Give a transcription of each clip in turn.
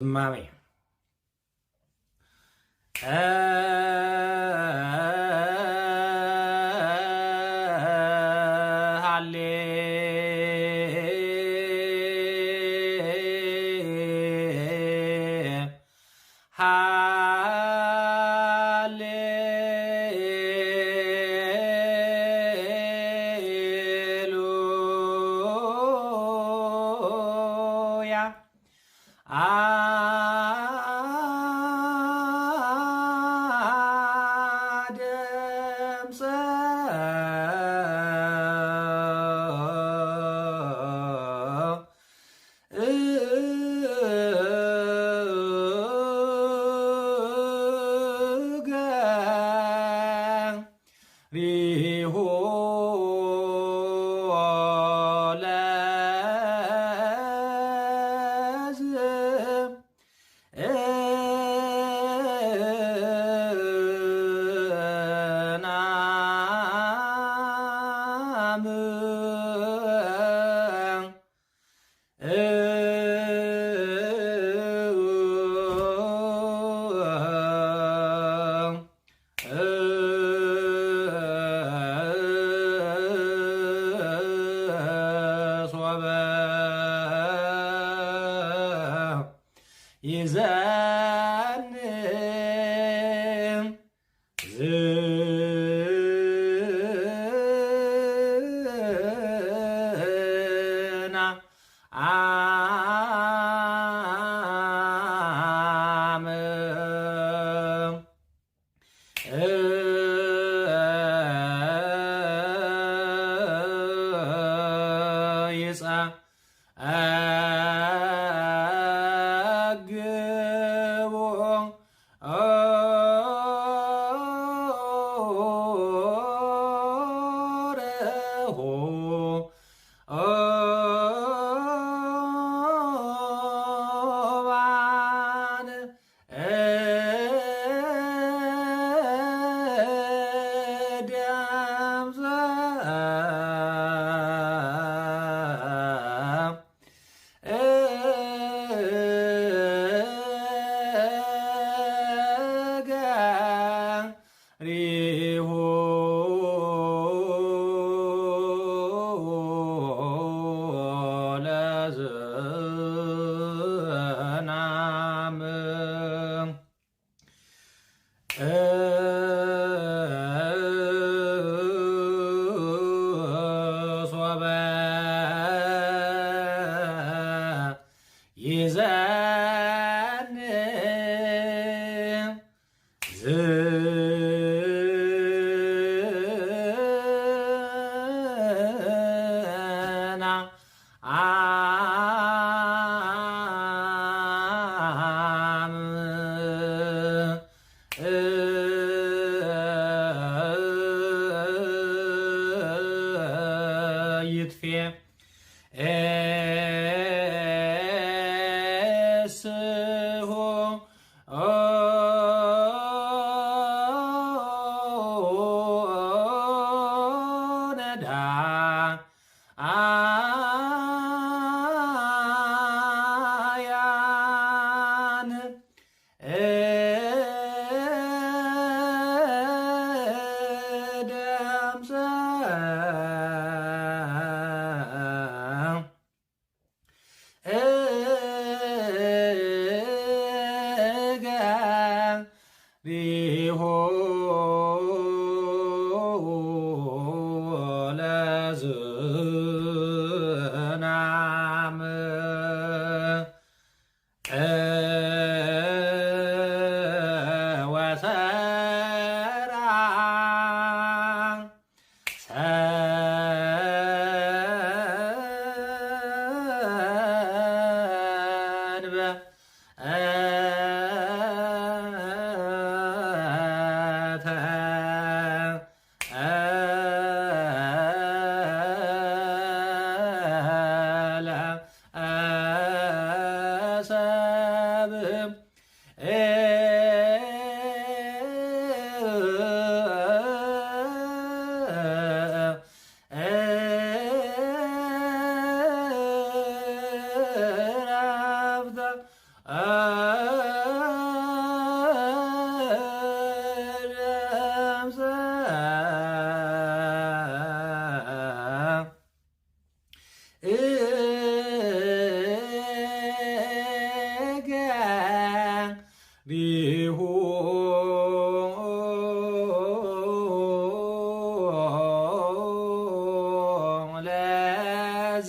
Mami. Uh...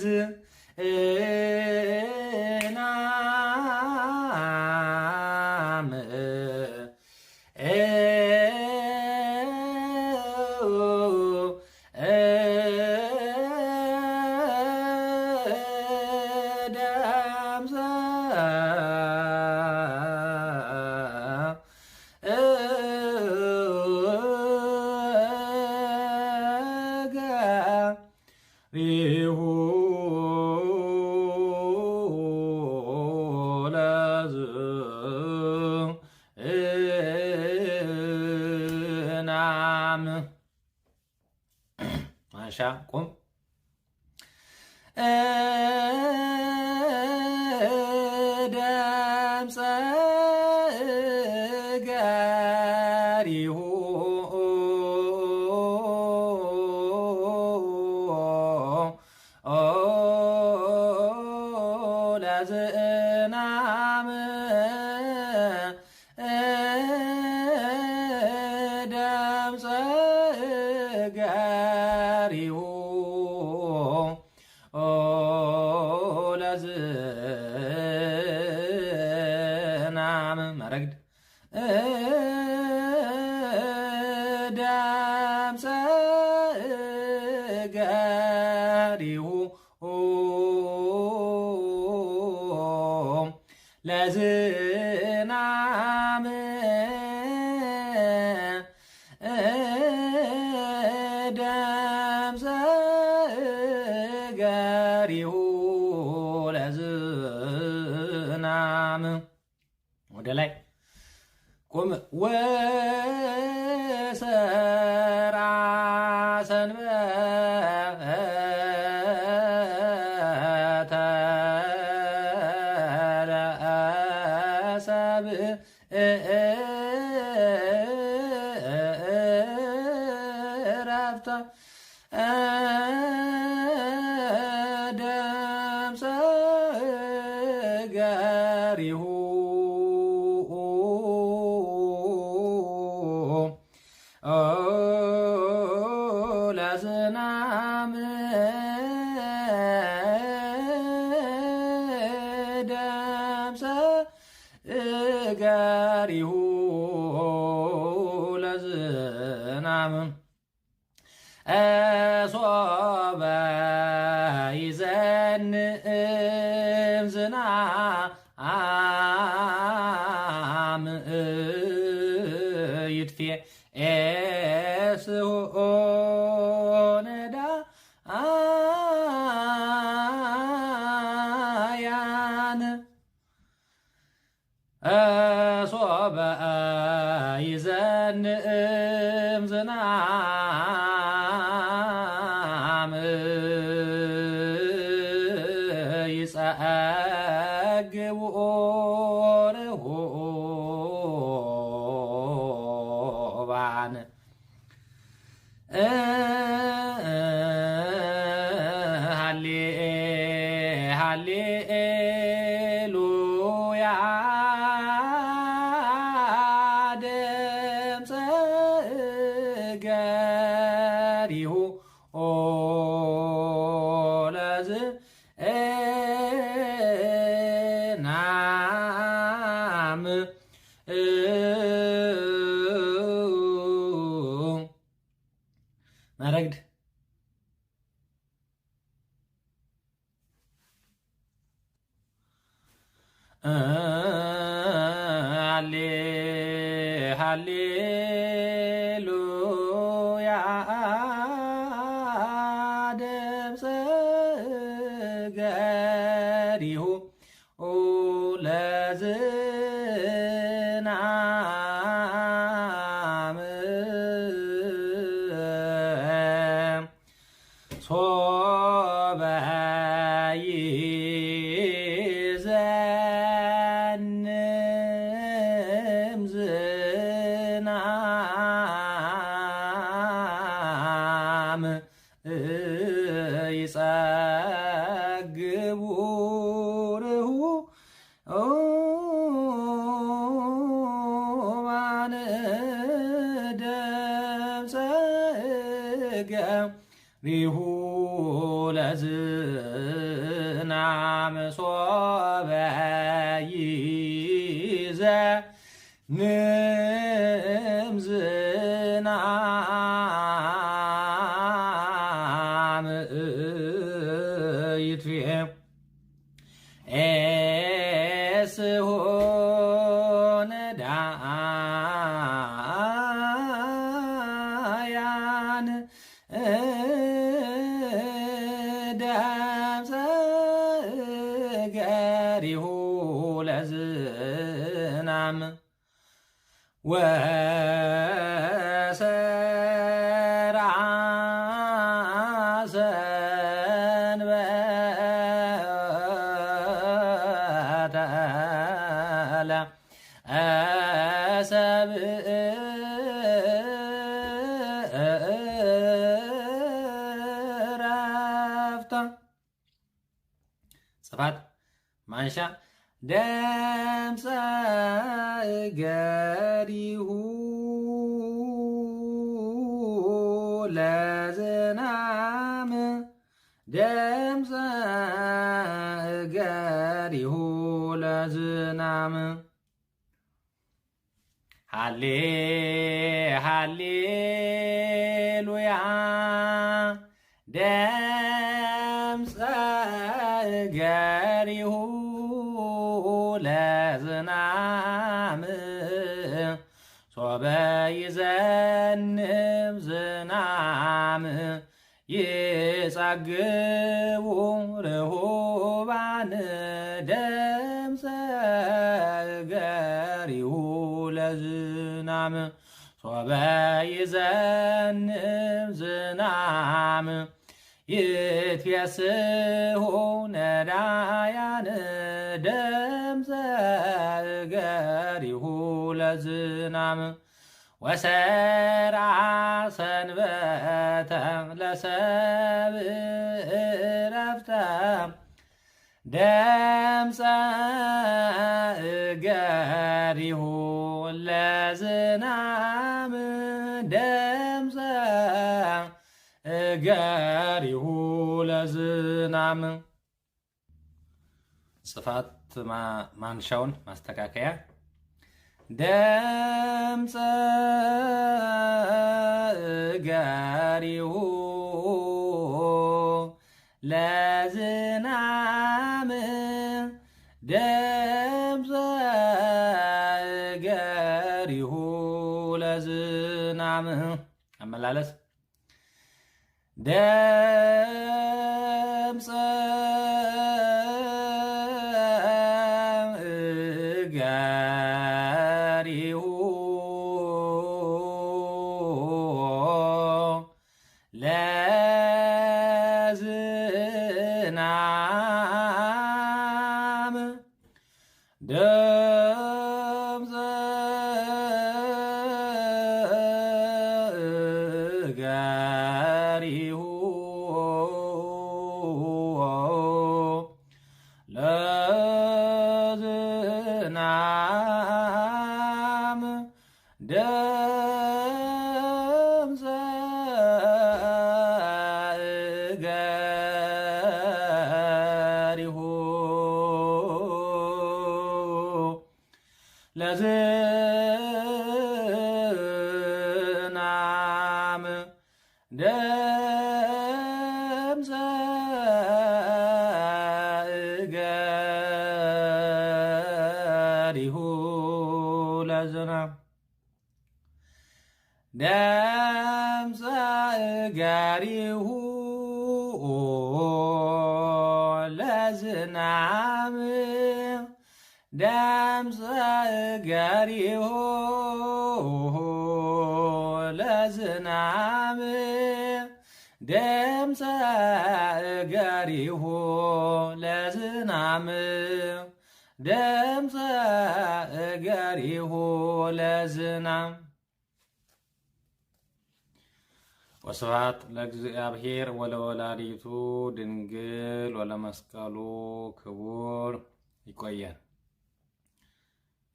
yazı. Uh, ለዝናም ደምዘ ገሪሁ ለዝናም ወደ ላይ ቆመ جاره 哎哎。Uh, Erro where ለዝናም ደምፀ እገሪሁ ለዝናም ሃሌ ሃሌ ሉያ እገሪሁ ለዝናም ሶበ ዝናም ይጻግቡ ርሁባን ደምፀ ገሪሁ ለዝናም ሶበ ይዘንብ ዝናም ይትፌስሑ ነዳያን ደምፀ ገሪሁ ለዝናም ወሰራ ሰንበተ ለሰብእ ረፍተ ደምፀ እገሪሁ ለዝናም ደምፀ እገሪሁ ለዝናም ጽፋት ማንሻውን ማስተካከያ ደምፀ እጋሪሁ ለዝናም ደምፀ እጋሪሁ ለዝናም አመላለስ ደምፀ ለዝናም ዳምፀ እገሪሁ ለዝናም ደምፀ ገሪሆ ለዝናም ደምፀ ገሪሆ ለዝናም ወስብሐት ለእግዚአብሔር ወለወላዲቱ ድንግል ወለመስቀሉ ክቡር። ይቆያል።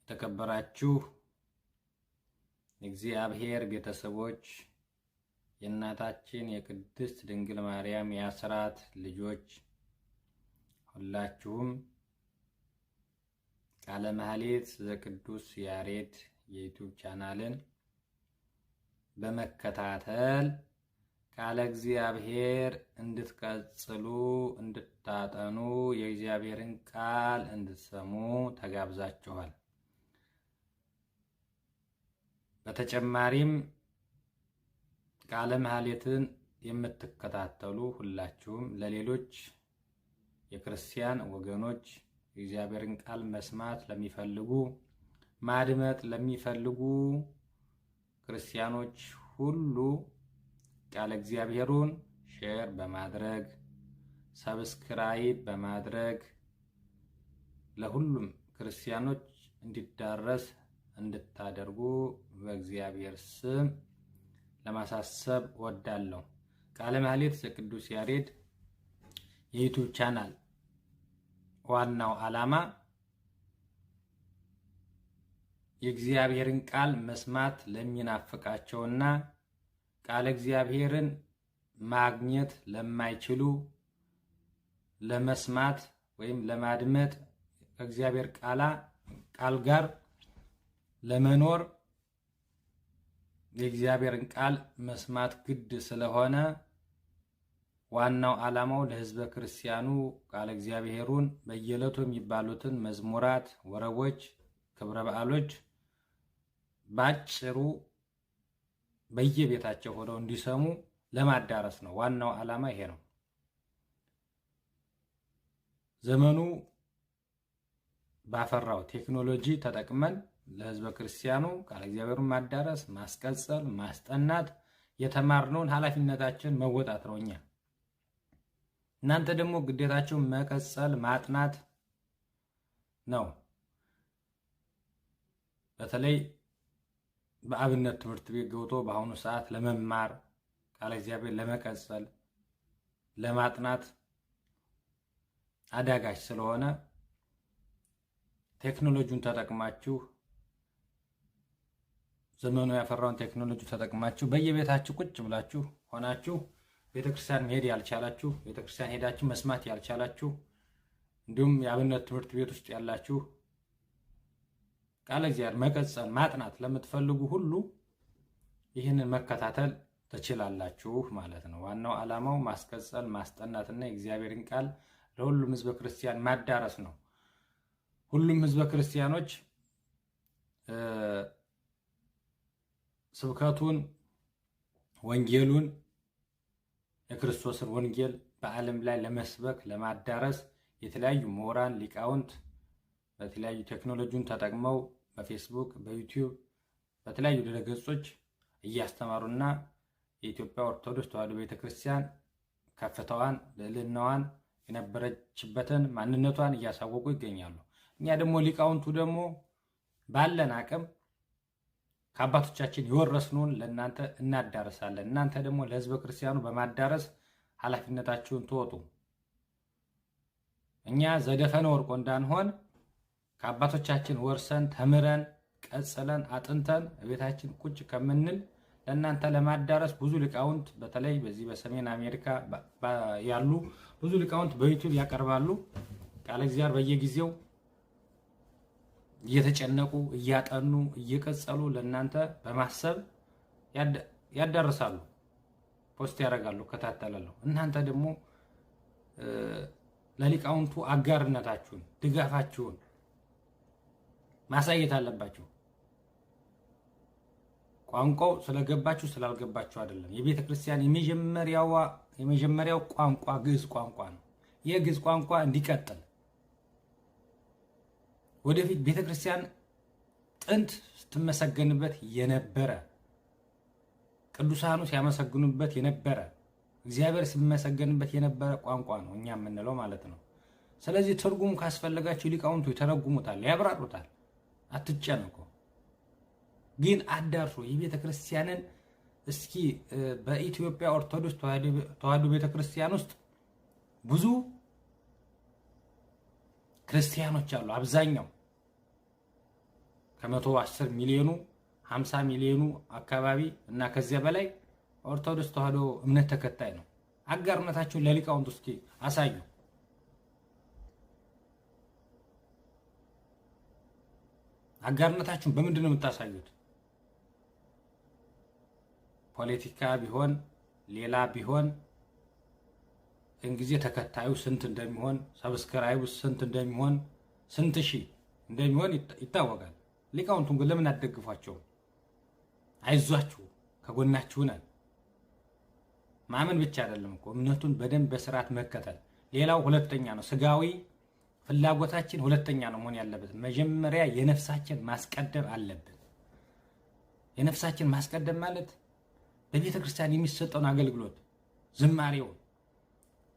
የተከበራችሁ የእግዚአብሔር ቤተሰቦች የእናታችን የቅድስት ድንግል ማርያም የአስራት ልጆች ሁላችሁም ቃለ መሐሌት ዘቅዱስ ያሬድ የዩቲዩብ ቻናልን በመከታተል ቃለ እግዚአብሔር እንድትቀጽሉ እንድታጠኑ የእግዚአብሔርን ቃል እንድትሰሙ ተጋብዛችኋል። በተጨማሪም ቃለ መሐሌትን የምትከታተሉ ሁላችሁም ለሌሎች የክርስቲያን ወገኖች የእግዚአብሔርን ቃል መስማት ለሚፈልጉ ማድመጥ ለሚፈልጉ ክርስቲያኖች ሁሉ ቃለ እግዚአብሔሩን ሼር በማድረግ ሰብስክራይብ በማድረግ ለሁሉም ክርስቲያኖች እንዲዳረስ እንድታደርጉ በእግዚአብሔር ስም ለማሳሰብ ወዳለሁ። ቃለ ማህሌት ዘቅዱስ ያሬድ የዩቱብ ቻናል ዋናው ዓላማ የእግዚአብሔርን ቃል መስማት ለሚናፍቃቸውና ቃለ እግዚአብሔርን ማግኘት ለማይችሉ ለመስማት ወይም ለማድመጥ ከእግዚአብሔር ቃላ ቃል ጋር ለመኖር የእግዚአብሔርን ቃል መስማት ግድ ስለሆነ ዋናው ዓላማው ለሕዝበ ክርስቲያኑ ቃለ እግዚአብሔሩን በየዕለቱ የሚባሉትን መዝሙራት፣ ወረቦች፣ ክብረ በዓሎች ባጭሩ በየቤታቸው ሆነው እንዲሰሙ ለማዳረስ ነው። ዋናው ዓላማ ይሄ ነው። ዘመኑ ባፈራው ቴክኖሎጂ ተጠቅመን ለሕዝበ ክርስቲያኑ ቃለ እግዚአብሔሩን ማዳረስ፣ ማስቀጸል፣ ማስጠናት የተማርነውን ኃላፊነታችን መወጣት ነው። እኛ እናንተ ደግሞ ግዴታችሁን መቀጸል ማጥናት ነው። በተለይ በአብነት ትምህርት ቤት ገብቶ በአሁኑ ሰዓት ለመማር ቃለ እግዚአብሔር ለመቀጸል ለማጥናት አዳጋች ስለሆነ ቴክኖሎጂውን ተጠቅማችሁ ዘመኑ ያፈራውን ቴክኖሎጂ ተጠቅማችሁ በየቤታችሁ ቁጭ ብላችሁ ሆናችሁ ቤተክርስቲያን መሄድ ያልቻላችሁ ቤተክርስቲያን ሄዳችሁ መስማት ያልቻላችሁ እንዲሁም የአብነት ትምህርት ቤት ውስጥ ያላችሁ ቃለ እግዚአብሔር መቀጸል ማጥናት ለምትፈልጉ ሁሉ ይህንን መከታተል ትችላላችሁ ማለት ነው። ዋናው ዓላማው ማስቀጸል ማስጠናትና የእግዚአብሔርን ቃል ለሁሉም ህዝበ ክርስቲያን ማዳረስ ነው። ሁሉም ሕዝበ ክርስቲያኖች ስብከቱን፣ ወንጌሉን፣ የክርስቶስን ወንጌል በዓለም ላይ ለመስበክ ለማዳረስ የተለያዩ ምሁራን ሊቃውንት በተለያዩ ቴክኖሎጂውን ተጠቅመው በፌስቡክ፣ በዩቲዩብ፣ በተለያዩ ድረገጾች እያስተማሩና የኢትዮጵያ ኦርቶዶክስ ተዋሕዶ ቤተክርስቲያን ከፍታዋን ልዕልናዋን የነበረችበትን ማንነቷን እያሳወቁ ይገኛሉ። እኛ ደግሞ ሊቃውንቱ ደግሞ ባለን አቅም ከአባቶቻችን የወረስነውን ለእናንተ እናዳረሳለን። እናንተ ደግሞ ለሕዝበ ክርስቲያኑ በማዳረስ ኃላፊነታችሁን ትወጡ። እኛ ዘደፈነ ወርቆ እንዳንሆን ከአባቶቻችን ወርሰን ተምረን ቀጽለን አጥንተን ቤታችን ቁጭ ከምንል ለእናንተ ለማዳረስ ብዙ ሊቃውንት በተለይ በዚህ በሰሜን አሜሪካ ያሉ ብዙ ሊቃውንት በዩቱብ ያቀርባሉ። ቃለ እግዚአብሔር በየጊዜው እየተጨነቁ እያጠኑ እየቀጸሉ ለእናንተ በማሰብ ያዳርሳሉ፣ ፖስት ያደርጋሉ፣ እከታተላለሁ። እናንተ ደግሞ ለሊቃውንቱ አጋርነታችሁን ድጋፋችሁን ማሳየት አለባቸው። ቋንቋው ስለገባችሁ ስላልገባችሁ አይደለም። የቤተ ክርስቲያን የመጀመሪያዋ የመጀመሪያው ቋንቋ ግዕዝ ቋንቋ ነው። ግዝ ቋንቋ እንዲቀጥል ወደፊት ቤተ ክርስቲያን ጥንት ስትመሰገንበት የነበረ ቅዱሳኑ ሲያመሰግኑበት የነበረ እግዚአብሔር ሲመሰገንበት የነበረ ቋንቋ ነው እኛ የምንለው ማለት ነው። ስለዚህ ትርጉሙ ካስፈለጋችሁ ሊቃውንቱ ይተረጉሙታል፣ ያብራሩታል። አትጨነቁ። ግን አዳርሱ የቤተ ክርስቲያንን እስኪ በኢትዮጵያ ኦርቶዶክስ ተዋህዶ ቤተ ክርስቲያን ውስጥ ብዙ ክርስቲያኖች አሉ። አብዛኛው ከመቶ አስር ሚሊዮኑ ሀምሳ ሚሊዮኑ አካባቢ እና ከዚያ በላይ ኦርቶዶክስ ተዋሕዶ እምነት ተከታይ ነው። አጋርነታችሁን ለሊቃውንቱ እስኪ አሳዩ። አጋርነታችሁን በምንድን ነው የምታሳዩት? ፖለቲካ ቢሆን ሌላ ቢሆን እንጊዜ ተከታዩ ስንት እንደሚሆን ሰብስክራይቡ ስንት እንደሚሆን ስንት ሺህ እንደሚሆን ይታወቃል። ሊቃውንቱን ግን ለምን አትደግፏቸውም? አይዟችሁ፣ ከጎናችሁ ነን። ማመን ብቻ አይደለም እኮ እምነቱን በደንብ በስርዓት መከተል ሌላው ሁለተኛ ነው ስጋዊ ፍላጎታችን ሁለተኛ ነው መሆን ያለበት። መጀመሪያ የነፍሳችን ማስቀደም አለብን። የነፍሳችን ማስቀደም ማለት በቤተ ክርስቲያን የሚሰጠውን አገልግሎት፣ ዝማሬውን፣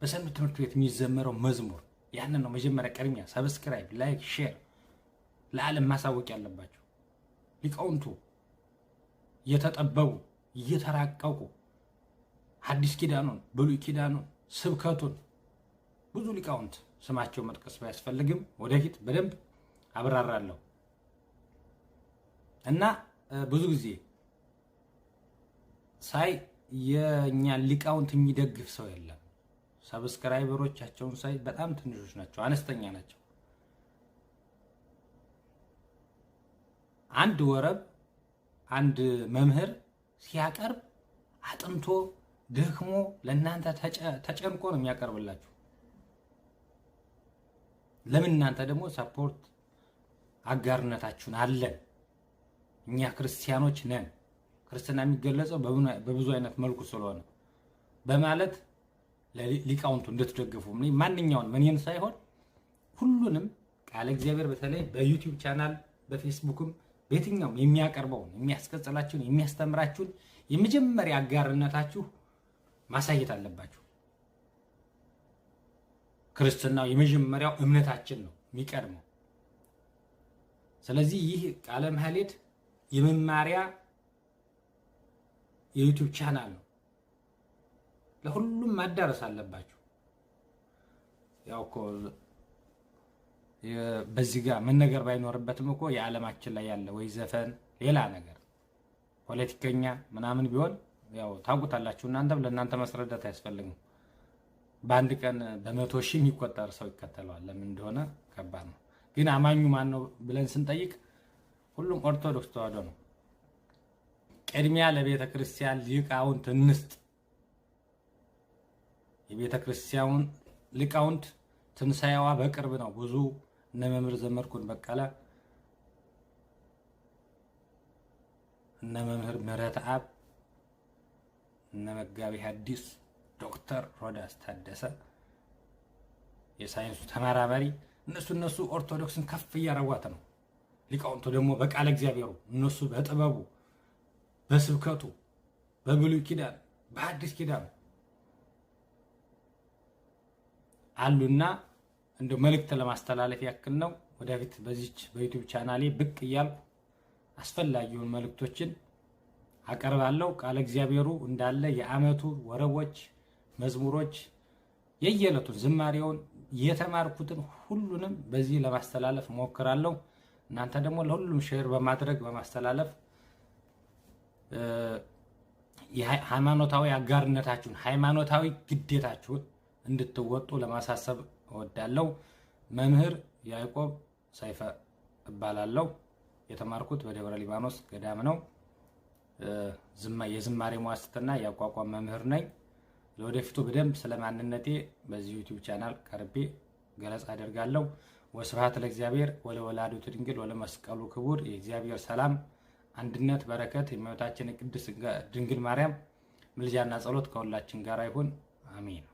በሰንበት ትምህርት ቤት የሚዘመረው መዝሙር ያንን ነው መጀመሪያ ቅድሚያ። ሰብስክራይብ፣ ላይክ፣ ሼር ለዓለም ማሳወቅ ያለባቸው ሊቃውንቱ እየተጠበቡ እየተራቀቁ አዲስ ኪዳኑን ብሉይ ኪዳኑን ስብከቱን ብዙ ሊቃውንት ስማቸው መጥቀስ ባያስፈልግም ወደፊት በደንብ አብራራለሁ እና ብዙ ጊዜ ሳይ የእኛ ሊቃውንት የሚደግፍ ሰው የለም። ሰብስክራይበሮቻቸውን ሳይ በጣም ትንሾች ናቸው፣ አነስተኛ ናቸው። አንድ ወረብ አንድ መምህር ሲያቀርብ አጥንቶ ደክሞ ለእናንተ ተጨንቆ ነው የሚያቀርብላችሁ። ለምን እናንተ ደግሞ ሰፖርት አጋርነታችሁን አለን። እኛ ክርስቲያኖች ነን። ክርስትና የሚገለጸው በብዙ አይነት መልኩ ስለሆነ በማለት ሊቃውንቱ እንድትደግፉ ማንኛውን መኔን ሳይሆን ሁሉንም ቃለ እግዚአብሔር በተለይ በዩቲዩብ ቻናል በፌስቡክም በየትኛውም የሚያቀርበውን የሚያስቀጽላችሁን የሚያስተምራችሁን የመጀመሪያ አጋርነታችሁ ማሳየት አለባችሁ። ክርስትናው የመጀመሪያው እምነታችን ነው የሚቀድመው። ስለዚህ ይህ ቃለ መሐሌት የመማሪያ የዩቱብ ቻናል ነው። ለሁሉም ማዳረስ አለባቸው። ያው እኮ በዚህ ጋር መነገር ባይኖርበትም እኮ የዓለማችን ላይ ያለ ወይ ዘፈን፣ ሌላ ነገር፣ ፖለቲከኛ ምናምን ቢሆን ያው ታውቁታላችሁ። እናንተም ለእናንተ ማስረዳት አያስፈልግም። በአንድ ቀን በመቶ ሺህ የሚቆጠር ሰው ይከተለዋል። ለምን እንደሆነ ከባድ ነው። ግን አማኙ ማን ነው ብለን ስንጠይቅ ሁሉም ኦርቶዶክስ ተዋሕዶ ነው። ቅድሚያ ለቤተ ክርስቲያን ሊቃውንት እንስጥ። የቤተ ክርስቲያን ሊቃውንት ትንሣኤዋ በቅርብ ነው። ብዙ እነ መምህር ዘመድኩን በቀለ እነ መምህር አብ እነ መጋቢ ሐዲስ ዶክተር ሮዳስ ታደሰ የሳይንሱ ተመራማሪ እነሱ እነሱ ኦርቶዶክስን ከፍ እያረጓት ነው። ሊቃውንቱ ደግሞ በቃለ እግዚአብሔሩ እነሱ በጥበቡ በስብከቱ በብሉይ ኪዳን በአዲስ ኪዳን አሉና እንደ መልእክት ለማስተላለፍ ያክል ነው። ወደፊት በዚች በዩቱብ ቻናሌ ብቅ እያልኩ አስፈላጊውን መልእክቶችን አቀርባለሁ። ቃለ እግዚአብሔሩ እንዳለ የአመቱ ወረቦች መዝሙሮች የየዕለቱን ዝማሬውን የተማርኩትን ሁሉንም በዚህ ለማስተላለፍ እሞክራለሁ። እናንተ ደግሞ ለሁሉም ሼር በማድረግ በማስተላለፍ ሃይማኖታዊ አጋርነታችሁን ሃይማኖታዊ ግዴታችሁን እንድትወጡ ለማሳሰብ እወዳለሁ። መምህር ያዕቆብ ሰይፈ እባላለሁ። የተማርኩት በደብረ ሊባኖስ ገዳም ነው። የዝማሬ መዋስትና የአቋቋም መምህር ነኝ። ለወደፊቱ በደንብ ስለ ማንነቴ በዚህ ዩቲዩብ ቻናል ቀርቤ ገለጻ አደርጋለሁ። ወስብሐት ለእግዚአብሔር ወለወላዲቱ ድንግል ወለመስቀሉ ክቡር። የእግዚአብሔር ሰላም፣ አንድነት፣ በረከት የእመቤታችን ቅድስት ድንግል ማርያም ምልጃና ጸሎት ከሁላችን ጋር ይሁን። አሜን።